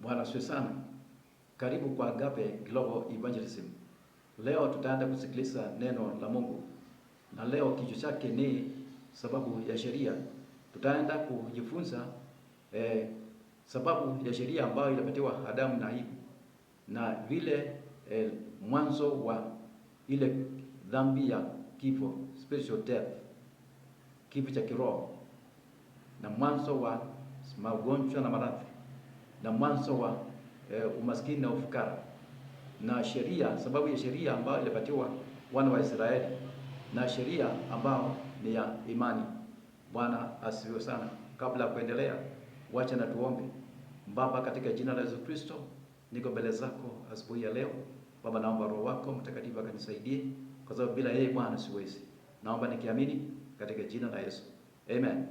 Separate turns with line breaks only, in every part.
Bwana asifiwe sana. Karibu kwa Agape Global Evangelism. Leo tutaenda kusikiliza neno la Mungu, na leo kichwa chake ni sababu ya sheria. Tutaenda kujifunza eh, sababu ya sheria ambayo ilipatiwa Adamu na Eva na vile eh, mwanzo wa ile dhambi ya kifo, spiritual death, kifo cha kiroho na mwanzo wa magonjwa na maradhi na mwanzo wa e, umaskini na ufukara, na sheria sababu ya sheria ambayo ilipatiwa wana wa Israeli na sheria ambayo ni ya imani. Bwana asifiwe sana. Kabla ya kuendelea, wacha na tuombe. Baba, katika jina la Yesu Kristo, niko mbele zako asubuhi ya leo. Baba, naomba Roho wako Mtakatifu akanisaidie, kwa sababu bila yeye Bwana siwezi. Naomba nikiamini katika jina la Yesu, amen.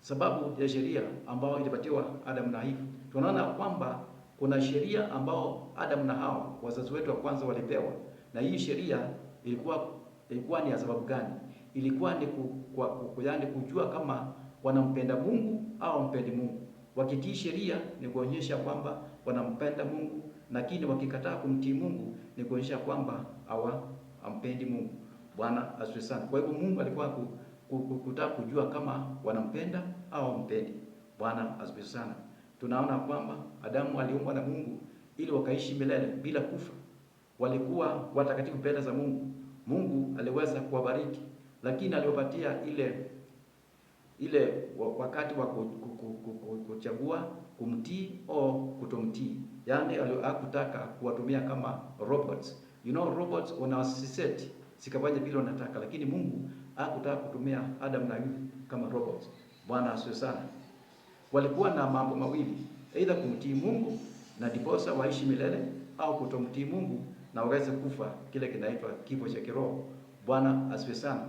Sababu ya sheria ambayo ilipatiwa Adam na Eva tunaona kwamba kuna sheria ambao Adam na Hawa wazazi wetu wa kwanza walipewa, na hii sheria ilikuwa ilikuwa ni ya sababu gani? Ilikuwa ni ku, ku, ku, yaani kujua kama wanampenda Mungu au wampendi Mungu. Wakitii sheria ni kuonyesha kwamba wanampenda Mungu, lakini wakikataa kumtii Mungu ni kuonyesha kwamba hawa ampendi Mungu. Bwana asifiwe sana. Kwa hivyo Mungu alikuwa kutaka kujua kama wanampenda au wampendi. Bwana asifiwe sana tunaona kwamba Adamu aliumbwa na Mungu ili wakaishi milele bila kufa. Walikuwa watakatifu mbele za Mungu. Mungu aliweza kuwabariki, lakini aliwapatia ile ile wakati wa kuchagua kumtii au kutomtii. Yaani hakutaka kuwatumia kama robots. You know robots wanawasiseti sikafanya vile wanataka, lakini Mungu hakutaka kutumia Adam na Eve kama robots. Bwana asiwe sana walikuwa na mambo mawili, aidha kumtii Mungu na diposa waishi milele au kutomtii Mungu na waweze kufa kile kinaitwa kifo cha kiroho. Bwana asifiwe sana.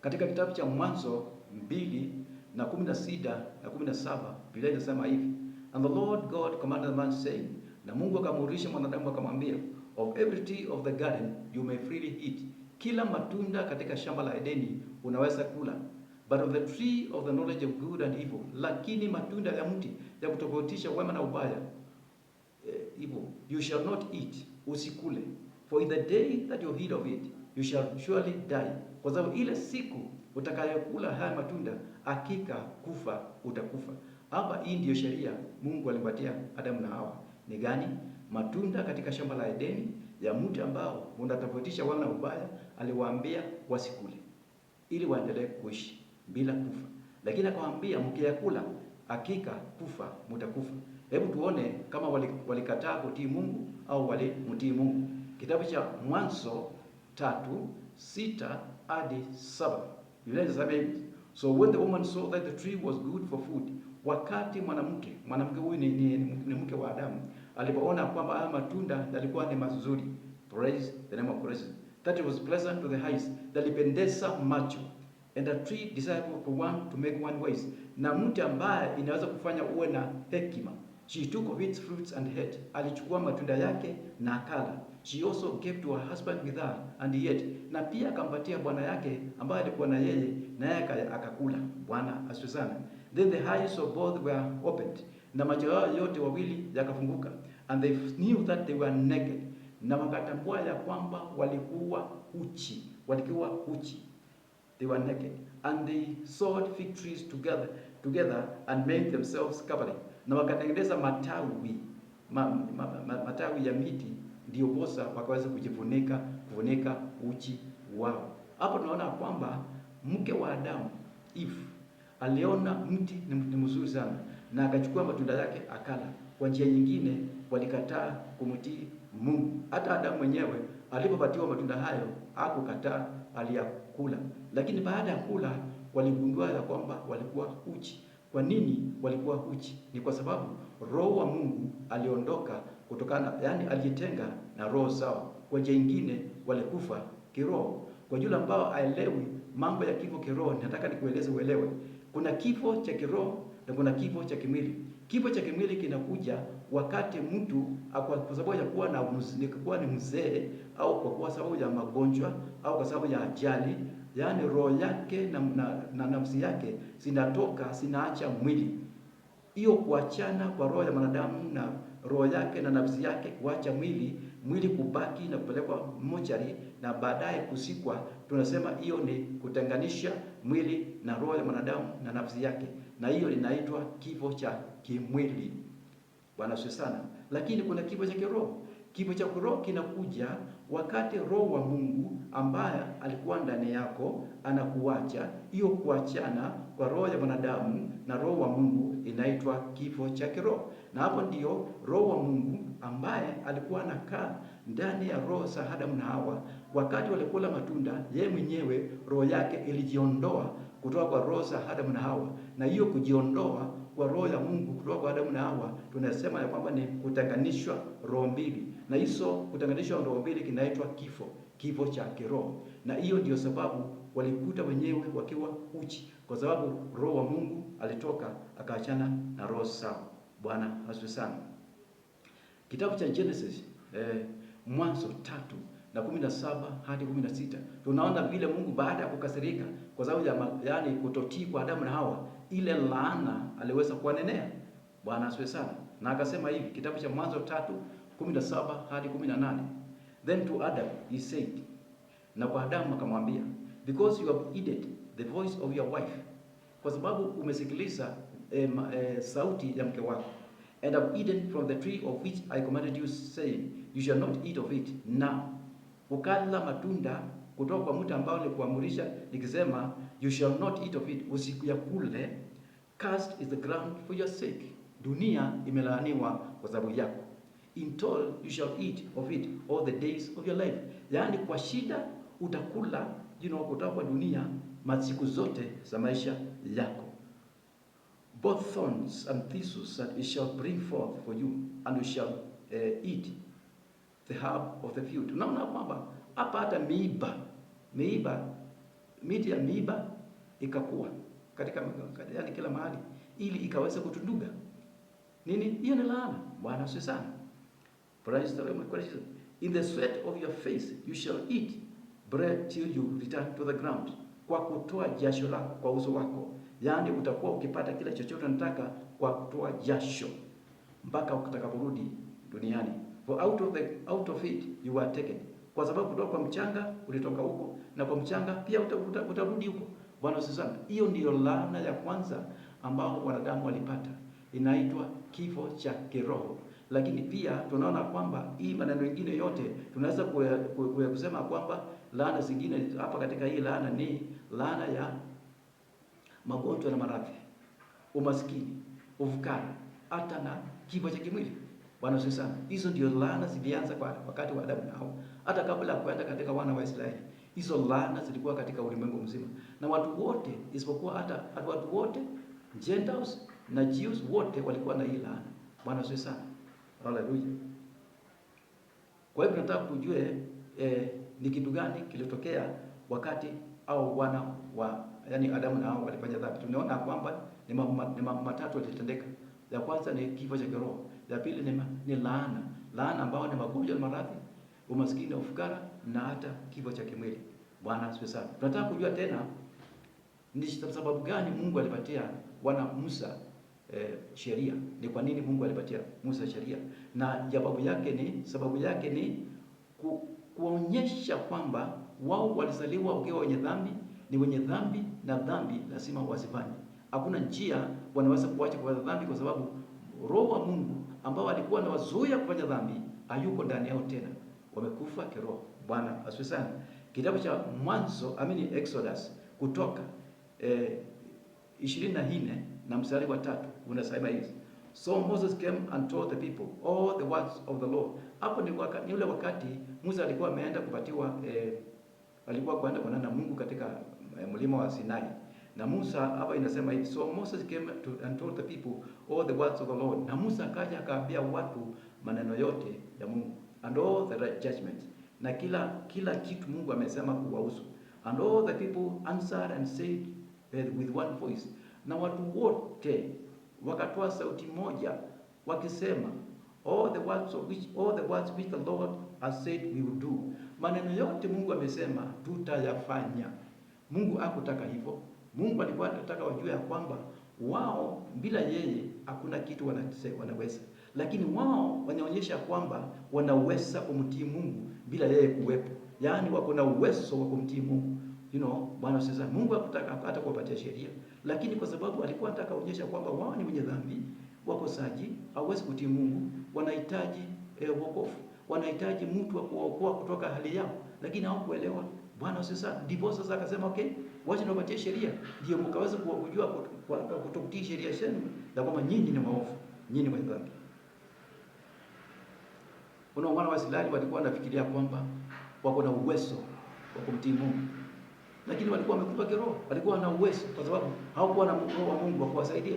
Katika kitabu cha Mwanzo mbili na kumi na sita na kumi na saba Biblia inasema hivi, and the Lord God commanded man saying, na Mungu akamuurisha mwanadamu akamwambia, of every tree of the garden you may freely eat, kila matunda katika shamba la Edeni unaweza kula but of the tree of the knowledge of good and evil, lakini matunda ya mti ya kutofautisha wema na ubaya eh, evil you shall not eat, usikule. For in the day that you eat of it you shall surely die, kwa sababu ile siku utakayokula haya matunda hakika kufa utakufa. Hapa hii ndiyo sheria Mungu alimpatia Adamu na Hawa ni gani? Matunda katika shamba la Edeni ya mti ambao unatofautisha wema na ubaya, aliwaambia wasikule ili waendelee kuishi bila kufa, lakini akawaambia mkiyakula hakika kufa mutakufa. Hebu tuone kama walikataa wali kutii Mungu au walimtii Mungu. Kitabu cha Mwanzo tatu sita hadi saba inasema hivi: so when the woman saw that the tree was good for food, wakati mwanamke mwanamke huyu ni, ni, ni ni mke wa Adamu alipoona kwamba haya matunda yalikuwa ni mazuri, praise the name of praise, that it was pleasant to the eyes, yalipendeza macho and a tree desirable for one to make one wise, na mti ambaye inaweza kufanya uwe na hekima. She took of its fruits and ate. Alichukua matunda yake na akala. She also gave to her husband with her and he ate. Na pia akampatia bwana yake ambaye alikuwa na yeye na yeye akakula. Bwana asifiwe sana. Then the eyes of both were opened. Na macho yao yote wawili yakafunguka. And they knew that they were naked. Na wakatambua ya kwamba walikuwa uchi. Walikuwa uchi they were naked, and they sawed fig trees together, together and made themselves covering. Na wakatengeneza matawi ma, ma, ma, matawi ya miti ndio bosa wakaweza kujifunika kufunika uchi wao. Hapo tunaona kwamba mke wa Adamu Eve aliona mti ni mzuri sana na akachukua matunda yake akala. Kwa njia nyingine walikataa kumtii Mungu. Hata Adamu mwenyewe alipopatiwa matunda hayo hakukataa, aliyakula. Lakini baada ya kula waligundua ya kwamba walikuwa uchi. Kwa nini walikuwa uchi? Ni kwa sababu roho wa Mungu aliondoka kutokana, yani alijitenga na roho zao. Kwa njia nyingine walikufa kiroho. Kwa yule ambao aelewi mambo ya kifo kiroho, nataka nikueleze uelewe, kuna kifo cha kiroho na kuna kifo cha kimwili. Kifo cha kimwili kinakuja wakati mtu kwa sababu ya kuwa na kuwa ni mzee au kwa kuwa sababu ya magonjwa au kwa sababu ya ajali, yaani roho yake na, na, na nafsi yake zinatoka zinaacha mwili. Hiyo kuachana kwa roho ya mwanadamu na roho yake na nafsi yake kuacha mwili, mwili kubaki na kupelekwa mochari na baadaye kusikwa, tunasema hiyo ni kutenganisha mwili na roho ya mwanadamu na nafsi yake, na hiyo linaitwa kifo cha kimwili. Bwana asifiwe sana. Lakini kuna kifo cha kiroho. Kifo cha kiroho kinakuja wakati roho wa Mungu ambaye alikuwa ndani yako anakuacha. Hiyo kuachana kwa roho ya mwanadamu na roho wa Mungu inaitwa kifo cha kiroho, na hapo ndiyo roho wa Mungu ambaye alikuwa anakaa ndani ya roho za Adamu na Hawa wakati walikula matunda, ye mwenyewe roho yake ilijiondoa kutoka kwa roho za Adamu na Hawa, na hiyo kujiondoa wa roho ya Mungu kutoka kwa Adamu na Hawa, tunasema ya kwamba ni kutenganishwa roho mbili, na hizo kutenganishwa roho mbili kinaitwa kifo, kifo cha kiroho. Na hiyo ndio sababu walikuta wenyewe wakiwa uchi, kwa sababu roho wa Mungu alitoka akaachana na roho zao. Bwana asifiwe sana. Kitabu cha Genesis eh, Mwanzo tatu na kumi na saba hadi kumi na sita tunaona vile Mungu baada ya kukasirika kwa sababu ya yani kutotii kwa Adamu na Hawa ile laana aliweza kuwanenea. Bwana asiwe sana. Na akasema hivi kitabu cha Mwanzo tatu kumi na saba hadi kumi na nane Then to Adam he said, na kwa Adamu akamwambia, because you have heeded the voice of your wife, kwa sababu umesikiliza eh, eh, sauti ya mke wako, and have eaten from the tree of which I commanded you saying, you shall not eat of it, na ukala matunda kutoka kwa mtu ambao nilikuamrisha nikisema, you shall not eat of it, usiyakule. Cursed is the ground for your sake, dunia imelaaniwa kwa sababu yako. In toil you shall eat of it all the days of your life, yaani kwa shida utakula you know, kutoka kwa dunia masiku zote za maisha yako. Both thorns and thistles that it shall bring forth for you and you shall uh, eat the herb of the field. Unaona kwamba hapa hata miiba miiba, miti ya miiba ikakuwa katika yani kila mahali, ili ikaweze kutunduga nini. Hiyo ni laana. Bwana asifiwe sana. Praise the Lord. In the sweat of your face you shall eat bread till you return to the ground, kwa kutoa jasho lako kwa uso wako. Yaani utakuwa ukipata kila chochote unataka kwa kutoa jasho mpaka utakaporudi duniani, for out of the, out of it you are taken kwa sababu kutoka kwa mchanga ulitoka huko na kwa mchanga pia utarudi huko. Bwana Yesu sana. Hiyo ndiyo laana ya kwanza ambao wanadamu walipata, inaitwa kifo cha kiroho. Lakini pia tunaona kwamba hii maneno mengine yote tunaweza kusema kwamba laana zingine hapa katika hii laana ni laana ya magonjwa na maradhi, umaskini, ufukara, hata na kifo cha kimwili. Bwana Yesu sana. Hizo ndio laana zilianza kwa wakati wa Adamu na Hawa. Hata kabla ya kwenda katika wana wa Israeli. Hizo laana zilikuwa katika ulimwengu mzima. Na watu wote isipokuwa hata watu wote Gentiles na Jews wote walikuwa na hii laana. Bwana Yesu sana. Haleluya. Kwa hivyo nataka kujue eh, ni kitu gani kilitokea wakati au wana wa yani Adamu na Hawa walifanya dhambi. Tunaona kwamba ni mambo matatu yalitendeka. Ya kwanza ni kifo cha kiroho. La pili ni, ni laana, laana ambao ni magonjwa na maradhi, umaskini na ufukara na hata kifo cha kimwili. Bwana asifiwe sana. Tunataka kujua tena ni sababu gani Mungu alipatia wana Musa e, sheria. Ni kwa nini Mungu alipatia Musa sheria? Na jawabu yake ni sababu yake ni ku, kuonyesha kwamba wao walizaliwa wakiwa wenye dhambi, ni wenye dhambi na dhambi lazima wasifanye. Hakuna njia wanaweza kuacha kwa dhambi, kwa sababu roho wa Mungu ambao alikuwa anawazuia kufanya dhambi hayuko ndani yao tena, wamekufa kiroho. Bwana asifiwe sana. Kitabu cha Mwanzo amini Exodus, Kutoka eh, ishirini na nne na mstari wa tatu unasema hivi So Moses came and told the people all the words of the Lord. Hapo ni wakati, ule wakati Musa alikuwa ameenda kupatiwa eh, alikuwa kwenda kuonana na Mungu katika eh, mlima wa Sinai. Na Musa hapa inasema hivi, so Moses came to, and told the people all the words of the Lord. Na Musa akaja akaambia watu maneno yote ya Mungu, and all the right judgments, na kila kila kitu Mungu amesema kuwahusu. And all the people answered and said with one voice, na watu wote wakatoa sauti moja wakisema, all the words of which, all the words which the Lord has said we will do. Maneno yote Mungu amesema tutayafanya. Mungu akutaka hivyo. Mungu alikuwa anataka wajue ya kwamba wao bila yeye hakuna kitu wanase, wanaweza, lakini wao wanaonyesha kwamba wanaweza kumtii Mungu bila yeye kuwepo, yaani wako na uwezo wa kumtii Mungu. You know, Bwana sasa Mungu hakutaka hata kuwapatia sheria, lakini kwa sababu alikuwa anataka kuonyesha kwamba wao ni wenye dhambi, wakosaji, hawawezi kutii Mungu, wanahitaji eh, wokovu, wanahitaji mtu wa kuwaokoa kutoka hali yao, lakini hawakuelewa. Bwana sasa ndipo sasa akasema okay wacha niwapatie sheria ndio mkaweza kujua kutokutii sheria zenu na kwamba nyinyi ni maovu, nyinyi ni wenye dhambi. Kuna wana wa Israeli walikuwa wanafikiria kwamba wako na uwezo wa kumtii Mungu, lakini walikuwa wamekufa kiroho. Walikuwa na uwezo kwa sababu hawakuwa na roho wa Mungu wa kuwasaidia.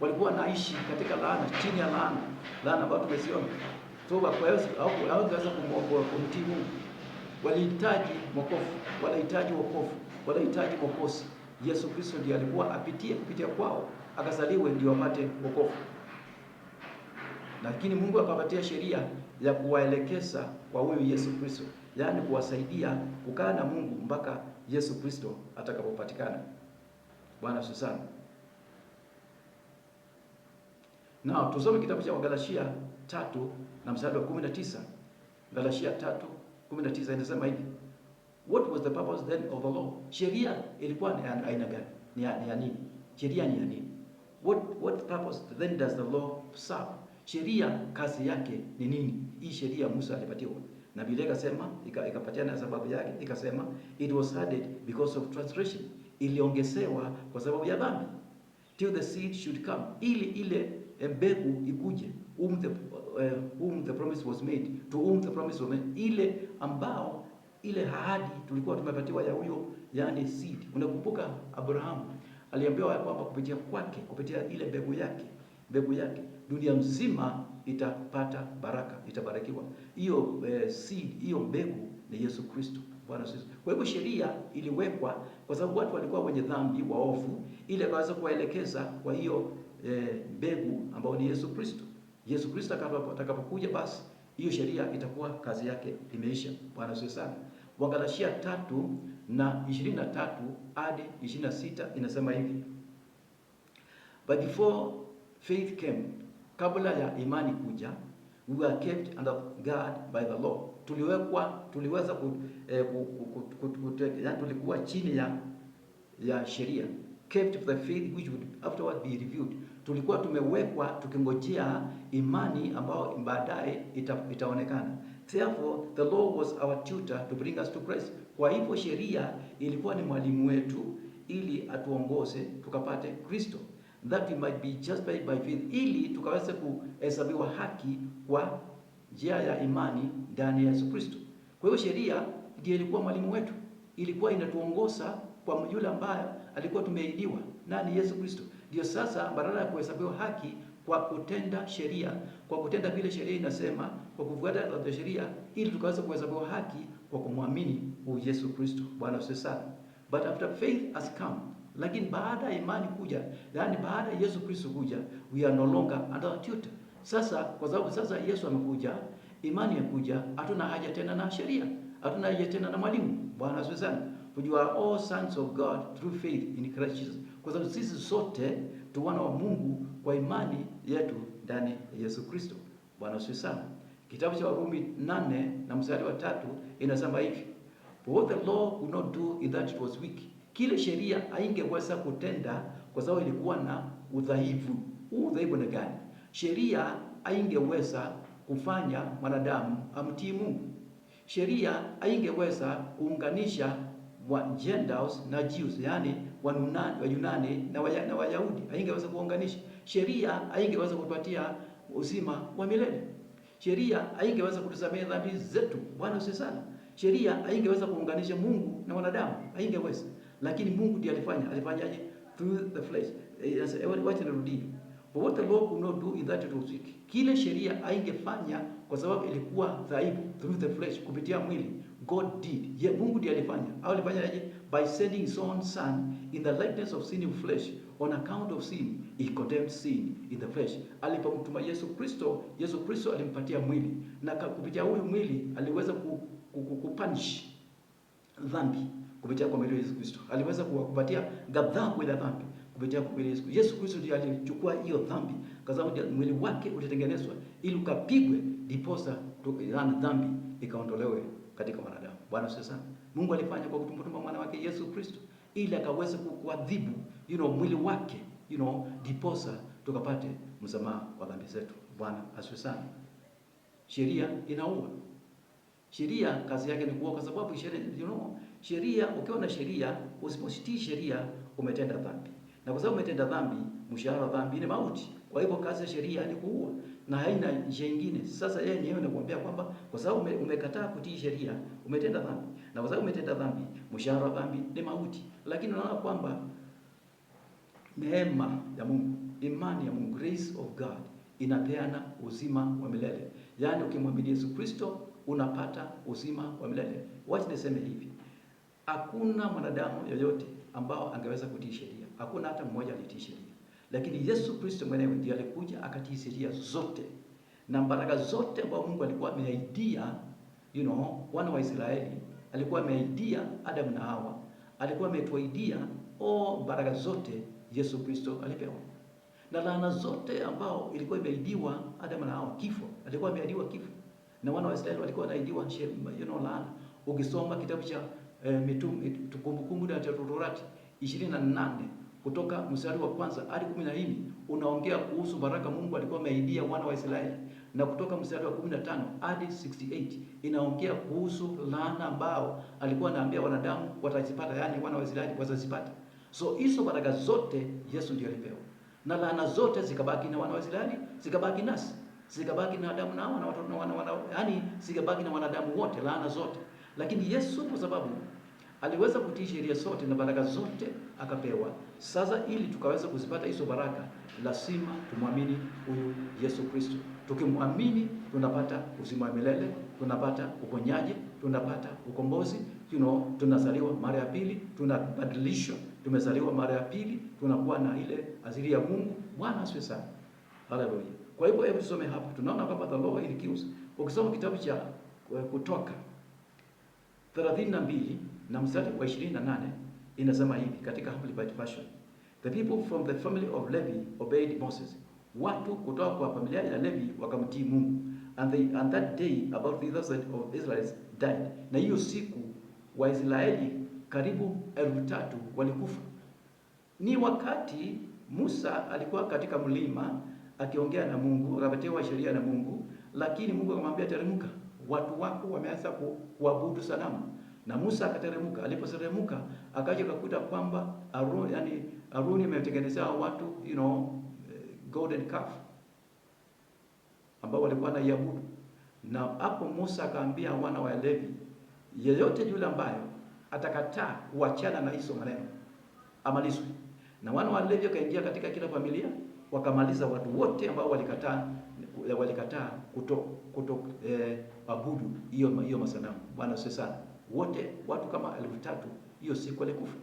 Walikuwa naishi katika laana, chini ya laana, laana ambayo tumesiona so hawangeweza kumtii Mungu, walihitaji mwokofu, walihitaji wokovu wanahitaji Mwokozi. Yesu Kristo ndiye alikuwa apitie kupitia kwao akazaliwe ndio wapate wokovu, lakini Mungu akawapatia sheria ya kuwaelekeza kwa huyo Yesu Kristo, yaani kuwasaidia kukaa na Mungu mpaka Yesu Kristo atakapopatikana. Bwana Susana. Na tusome kitabu cha Wagalatia tatu na mstari wa 19. Galatia 3:19 inasema hivi What was the purpose then of the law? Sheria ilikuwa ni aina gani? Ni ya nini? Sheria ni ya nini? What what purpose then does the law serve? Sheria kazi yake ni nini? Hii sheria Musa alipatiwa. Na Biblia ikasema ikapatiana sababu yake, ikasema it was added because of transgression. Iliongezewa kwa sababu ya dhambi. Till the seed should come. Ili ile eh, mbegu ikuje. Um the, uh, whom the promise was made, to whom the promise was made. Ile ambao ile ahadi tulikuwa tumepatiwa ya huyo yani seed. Unakumbuka Abrahamu aliambiwa ya kwamba kupitia kwake, kupitia ile mbegu yake, mbegu yake dunia mzima itapata baraka, itabarikiwa. Hiyo eh, seed, hiyo mbegu ni Yesu Kristo Bwana Yesu. Kwa hivyo sheria iliwekwa kwa sababu watu walikuwa wenye dhambi, waovu, ili akaweza kuwaelekeza kwa hiyo eh, mbegu ambayo ni Yesu Kristo. Yesu Kristo atakapokuja basi hiyo sheria itakuwa kazi yake imeisha. Bwana sio sana. Wagalatia tatu na ishirini na tatu hadi ishirini na sita inasema hivi, but before faith came, kabla ya imani kuja, we were kept under guard by the law, tuliwekwa tuliweza ku, eh, ku, ku, ku, ku, tulikuwa chini ya ya sheria, kept the faith which would afterward be revealed tulikuwa tumewekwa tukingojea imani ambayo baadaye ita, itaonekana. Therefore the law was our tutor to bring us to Christ. Kwa hivyo sheria ilikuwa ni mwalimu wetu ili atuongoze tukapate Kristo, that we might be justified by faith, ili tukaweze kuhesabiwa haki kwa njia ya imani ndani ya Yesu Kristo. Kwa hiyo sheria ndiyo ilikuwa mwalimu wetu, ilikuwa inatuongoza kwa mjula ambaye alikuwa tumeahidiwa nani? Yesu Kristo. Ndio sasa badala ya kuhesabiwa haki kwa kutenda sheria, kwa kutenda vile sheria inasema, kwa kufuata la sheria, ili tukaweza kuhesabiwa haki kwa kumwamini huyu Yesu Kristo. Bwana asifiwe sana. But after faith has come, lakini baada ya imani kuja, yani baada ya Yesu Kristo kuja, we are no longer under a tutor. Sasa kwa sababu sasa Yesu amekuja, imani imekuja, hatuna haja tena na sheria, hatuna haja tena na mwalimu. Bwana asifiwe sana. For you are all sons of God through faith in Christ Jesus. Kwa sababu sisi sote tu wana wa Mungu kwa imani yetu ndani ya Yesu Kristo. Bwana asifiwe sana. Kitabu cha Warumi 8 na mstari wa tatu inasema hivi. For the law could not do in that it was weak. Kile sheria haingeweza kutenda kwa sababu ilikuwa na udhaifu. Huu udhaifu ni gani? Sheria haingeweza kufanya mwanadamu amtii Mungu. Sheria haingeweza kuunganisha wa Gentiles na Jews, yani Wayunani, Yunani na Waya, na Wayahudi. Haingeweza kuunganisha sheria, haingeweza kutupatia uzima wa milele. Sheria haingeweza kutusamehe dhambi zetu. Bwana usiye sana. Sheria haingeweza kuunganisha Mungu na wanadamu, haingeweza. Lakini Mungu ndiye alifanya. Alifanyaje? Through the flesh. Eh, eh, wacha nirudie. for what the law could not do in that it was weak. Kile sheria haingefanya kwa sababu ilikuwa dhaifu, through the flesh, kupitia mwili. God did. Ye, Mungu ndiye alifanya. Au alifanya aje? By sending his own son in the likeness of sin sinful flesh on account of sin he condemned sin in the flesh. Alipomtuma Yesu Kristo, Yesu Kristo alimpatia mwili na kupitia huyu mwili aliweza ku, ku, ku, kupunish dhambi kupitia kwa mwili wa Yesu Kristo. Aliweza kuwapatia ghadhabu ya dhambi kupitia kwa mwili wa Yesu. Yesu Kristo ndiye alichukua hiyo dhambi, kwa sababu mwili wake ulitengenezwa ili ukapigwe, diposa ndiposa dhambi ikaondolewe katika wanadamu. Bwana sio sana. Mungu alifanya kwa kutumtumba mwana wake Yesu Kristo ili akaweze kuadhibu, you know, mwili wake, you know, diposa tukapate msamaha wa dhambi zetu. Bwana asifiwe sana. Sheria inaua. Sheria kazi yake ni kuua, kwa sababu sheria, you know, sheria ukiwa na sheria, usipositii sheria umetenda dhambi, na kwa sababu umetenda dhambi, mshahara wa dhambi ni mauti. Kwa hivyo kazi ya sheria ni kuua na haina njia nyingine. Sasa yeye mwenyewe anakuambia kwamba kwa sababu ume, umekataa kutii sheria umetenda dhambi, na kwa sababu umetenda dhambi mshahara wa dhambi ni mauti. Lakini unaona kwamba neema ya Mungu, imani ya Mungu, grace of God inapeana uzima wa milele. Yaani ukimwamini Yesu Kristo unapata uzima wa milele. Wacha niseme hivi, hakuna mwanadamu yoyote ambao angeweza kutii sheria, hakuna hata mmoja alitii sheria lakini Yesu Kristo mwenyewe ndiye alikuja akatii sheria zote na baraka zote ambazo Mungu alikuwa ameahidia, you know, wana wa Israeli, alikuwa ameahidia Adam na Hawa, alikuwa ametuahidia o baraka zote Yesu Kristo alipewa, na laana zote ambao ilikuwa imeahidiwa Adam na Hawa, kifo alikuwa ameahidiwa kifo, na wana wa Israeli walikuwa wanaahidiwa shema, you know, laana. Ukisoma kitabu cha eh, Mitume Kumbukumbu la Torati 28 kutoka mstari wa kwanza hadi kumi na nne unaongea kuhusu baraka Mungu alikuwa ameahidia wana wa Israeli, na kutoka mstari wa 15 hadi 68 inaongea kuhusu laana ambao alikuwa anaambia wanadamu watazipata, yani wana wa Israeli watazipata. So hizo baraka zote Yesu ndiye alipewa, na laana zote zikabaki na wana wa Israeli, zikabaki nasi, zikabaki na Adamu na watoto na wana, wana, yani zikabaki na wanadamu wote, laana zote, lakini Yesu kwa sababu aliweza kutii sheria zote na baraka zote akapewa. Sasa ili tukaweza kuzipata hizo baraka, lazima tumwamini huyu Yesu Kristo. Tukimwamini tunapata uzima wa milele, tunapata uponyaji, tunapata ukombozi, you know, tunazaliwa mara ya pili, tunabadilishwa, tumezaliwa mara ya pili, tunakuwa na ile asili ya Mungu. Bwana asifiwe sana, haleluya. Kwa hivyo hebu tusome hapo, tunaona kwamba the law ili Ukisoma kitabu cha eh, Kutoka 32 na mstari wa 28 inasema hivi katika Amplified Version, the people from the family of Levi obeyed Moses, watu kutoka kwa familia ya Levi wakamtii Mungu, and they and that day about 3000 of Israelites died. Na hiyo siku Waisraeli karibu elfu tatu walikufa. Ni wakati Musa alikuwa katika mlima akiongea na Mungu, akapatiwa sheria na Mungu, lakini Mungu akamwambia, teremka, watu wako wameanza kuabudu sanamu na Musa akateremka. Alipoteremka akaja kakuta kwamba Aruni, yani Aruni ametengenezea watu you know, eh, golden calf ambao walikuwa na yabudu, na hapo Musa akaambia wana wa Levi, yeyote yule ambaye atakataa kuachana na hizo maneno amalizwe. Na wana wa Levi wakaingia katika kila familia wakamaliza watu wote ambao walikataa walikataa kuto, kuto eh, abudu hiyo hiyo masanamu. Bwana sana wote watu kama elfu tatu hiyo siku walikufa.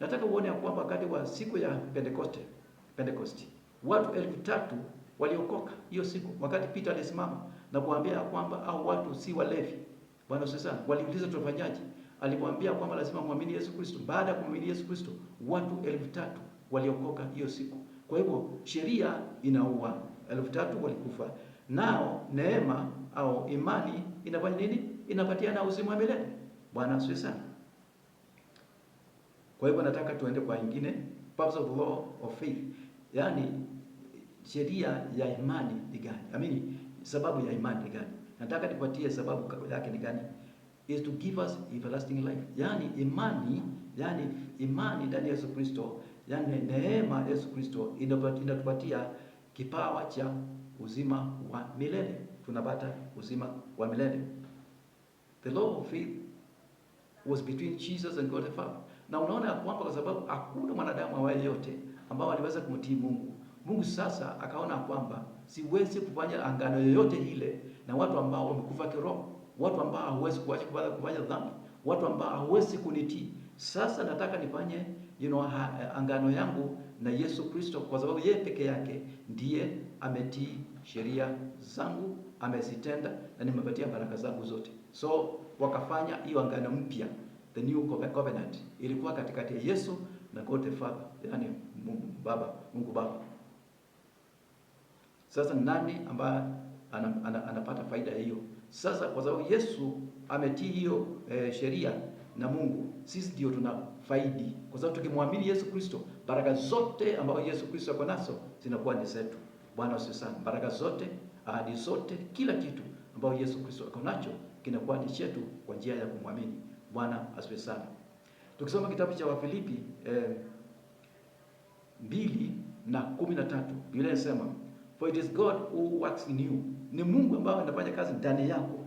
Nataka uone ya kwamba wakati wa siku ya Pentekoste, Pentekoste watu elfu tatu waliokoka hiyo siku, wakati Peter alisimama na kuambia kwamba au watu si walevi. Bwana sasa waliuliza tufanyaje? Alimwambia kwamba lazima muamini Yesu Kristo. Baada ya kumwamini Yesu Kristo, watu elfu tatu waliokoka hiyo siku. Kwa hivyo sheria inaua, elfu tatu walikufa. Nao neema au imani inafanya nini? Inapatiana uzima wa milele. Bwana asifiwe sana. Kwa hivyo nataka tuende kwa ingine, purpose of law of faith, yaani sheria ya imani ni gani? I mean, sababu ya imani ni gani? Nataka nipatie sababu yake ni gani? Is to give us everlasting life, yaani imani, yaani imani ndani ya Yesu Kristo, yaani neema ya Yesu Kristo inatupatia kipawa cha uzima wa milele, tunapata uzima wa milele. The law of faith was between Jesus and God the Father. Na unaona kwamba kwa sababu hakuna mwanadamu awaye yote ambao aliweza kumtii Mungu, Mungu sasa akaona kwamba siwezi kufanya angano yoyote ile na watu ambao wamekufa kiroho, watu ambao hawezi kuacha kufanya dhambi, watu ambao hawezi kunitii. Sasa nataka nifanye you know, angano eh, yangu na Yesu Kristo, kwa sababu yeye peke yake ndiye ametii sheria zangu, amezitenda na nimepatia baraka zangu zote. So wakafanya hiyo agano mpya, the new covenant ilikuwa katikati ya Yesu na God the Father, yani Mungu Baba, Mungu Baba. Sasa nani ambaye anapata faida hiyo? Sasa kwa sababu Yesu ametii hiyo eh, sheria na Mungu, sisi ndio tuna faidi, kwa sababu tukimwamini Yesu Kristo, baraka zote ambazo Yesu Kristo ako nazo zinakuwa ni zetu. Bwana asifiwe sana. Baraka zote, ahadi zote, kila kitu ambayo Yesu Kristo ako nacho kinakuwa ni chetu kwa njia ya kumwamini. Bwana asifiwe sana. Tukisoma kitabu cha Wafilipi eh, mbili na kumi na tatu Biblia inasema for it is God who works in you, ni Mungu ambaye anafanya kazi ndani yako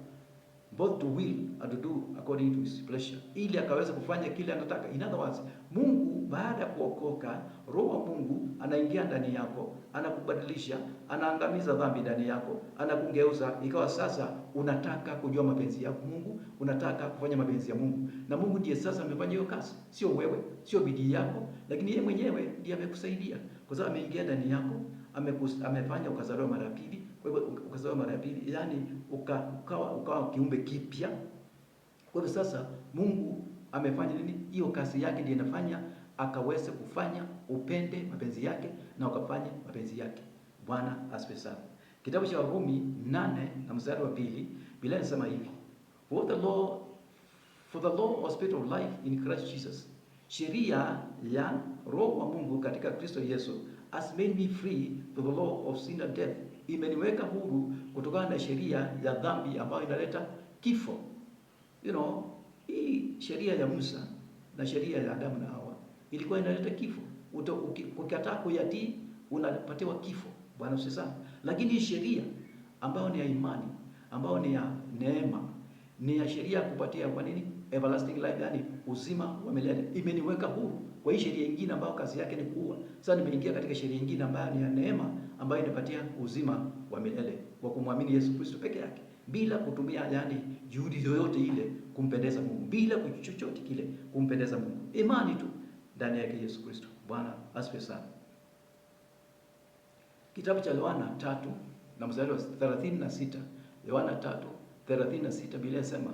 both to will and to do according to his pleasure, ili akaweza kufanya kile anataka. In other words, Mungu baada ya kuokoka, roho wa Mungu anaingia ndani yako, anakubadilisha, anaangamiza dhambi ndani yako, anakungeuza ikawa sasa unataka kujua mapenzi ya Mungu, unataka kufanya mapenzi ya Mungu, na Mungu ndiye sasa amefanya hiyo kazi, sio wewe, sio bidii yako, lakini yeye mwenyewe ndiye amekusaidia kwa sababu ameingia ndani yako, amefanya ukazaliwa mara pili kwa hivyo ukazaliwa mara ya pili, yaani uka, ukawa, ukawa kiumbe kipya. Kwa hivyo sasa Mungu amefanya nini? Hiyo kazi yake ndiye inafanya akaweze kufanya upende mapenzi yake na ukafanye mapenzi yake. Bwana asifiwe sana. Kitabu cha Warumi nane na mstari wa pili Biblia inasema hivi, for the law for the law of spirit of life in Christ Jesus, sheria ya roho wa Mungu katika Kristo Yesu has made me free to the law of sin and death imeniweka huru kutokana na sheria ya dhambi ambayo inaleta kifo. You know, hii sheria ya Musa na sheria ya Adamu na Hawa ilikuwa inaleta kifo. Ukikataa kuyatii unapatiwa kifo. Bwana usisahau. Lakini hii sheria ambayo ni ya imani, ambayo ni ya neema, ni ya sheria kupatia kwa nini? Everlasting life, yani uzima wa milele. Imeniweka huru kwa hii sheria nyingine ambayo kazi yake ni kuua. Sasa nimeingia katika sheria nyingine ambayo ni ya neema ambayo inapatia uzima wa milele kwa kumwamini Yesu Kristo peke yake bila kutumia yani juhudi yoyote ile kumpendeza Mungu, bila kuchochote kile kumpendeza Mungu, imani tu ndani yake Yesu Kristo. Bwana asifiwe sana. Kitabu cha Yohana 3 na mstari wa 36, Yohana 3 36, Biblia inasema,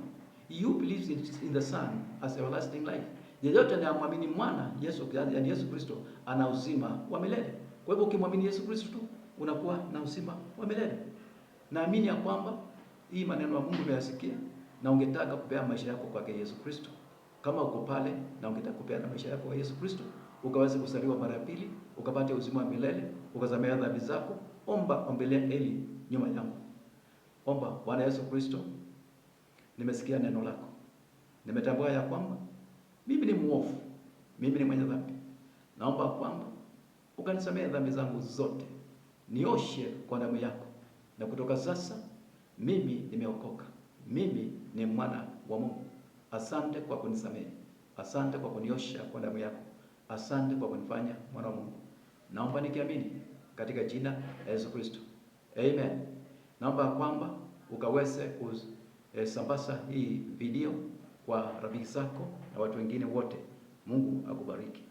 you believes in the Son as everlasting life Yeyote anayemwamini mwana Yesu, yaani Yesu Kristo, ana uzima wa milele. Kwa hivyo ukimwamini Yesu Kristo tu unakuwa na uzima wa milele. Naamini ya kwamba hii maneno ya Mungu umeyasikia na ungetaka kupea maisha yako kwake Yesu Kristo. Kama uko pale na ungetaka kupea na maisha yako kwa Yesu Kristo, ukaweze kusaliwa mara pili, ukapate uzima wa milele, ukazamea dhambi zako, omba, ombelea Eli nyuma yangu. Omba, Bwana Yesu Kristo, nimesikia neno lako, nimetambua ya kwamba mimi ni muovu, mimi ni mwenye dhambi, naomba kwamba ukanisamehe dhambi zangu zote, nioshe kwa damu yako, na kutoka sasa mimi nimeokoka, mimi ni mwana wa Mungu. Asante kwa kunisamehe, asante kwa kuniosha kwa damu yako, asante kwa kunifanya mwana wa Mungu. Naomba nikiamini katika jina la Yesu Kristo, amen. Naomba kwamba ukaweze kusambaza hii video kwa rafiki zako na watu wengine wote. Mungu akubariki.